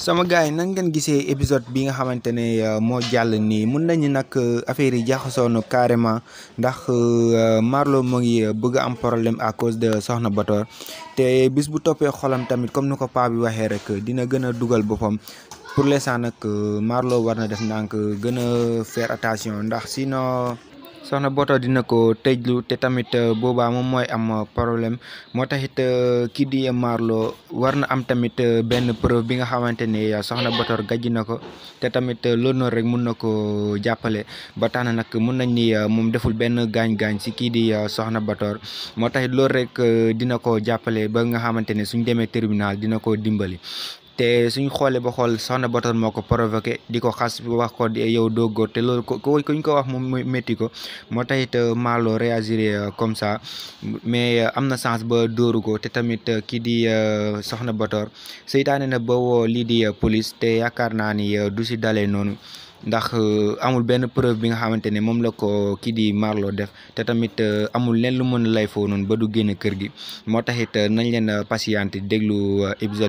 sama gars yi nan ngeen gisee épisode bi nga xamante ne euh, moo jàll nii mun nañu nag euh, affaire yi jaxasoonu carrément ndax euh, Marlo mu ngi bëgg am problème à cause de Soxna Batoor te bis bu toppee xolam tamit comme nu ko paa bi waxee rek dina gën a dugal boppam pour l'instant nag Marlo war na def ndànk gën a faire attention ndax sinon. soxna Boto dina ko tëjlu te tamit euh, boobaa moom mooy am euh, problème moo taxit euh, kii di Marlo war na am tamit benn preuve bi nga xamante ne soxna Botor gàjj na ko te tamit loolu noonu rek mun na ko jàppale ba tax na nag mun nañ ni moom deful benn gaañ-gaañ si kii di soxna Botor moo taxit loolu rek dina ko jàppale ba nga xamante ne suñ demee tribunal dina ko dimbali. te suñ xoolee ba xool soxna Bator moo ko provoqué di ko xas wax ko yow doo góor te loolu ko kuñ ko wax moom métti ko moo taxit euh, Malo réagir euh, comme ça mais euh, am na sens ba dóoru ko te tamit kii di soxna Bator seytaane na ba lii di police te yaakaar naa ni du si dalee noonu ndax amul benn preuve bi nga xamante ne moom la ko kii di Marlo def te tamit amul leen lu mën lay foo noonu ba du génn kër gi moo taxit nañ leen patiente déglu épisode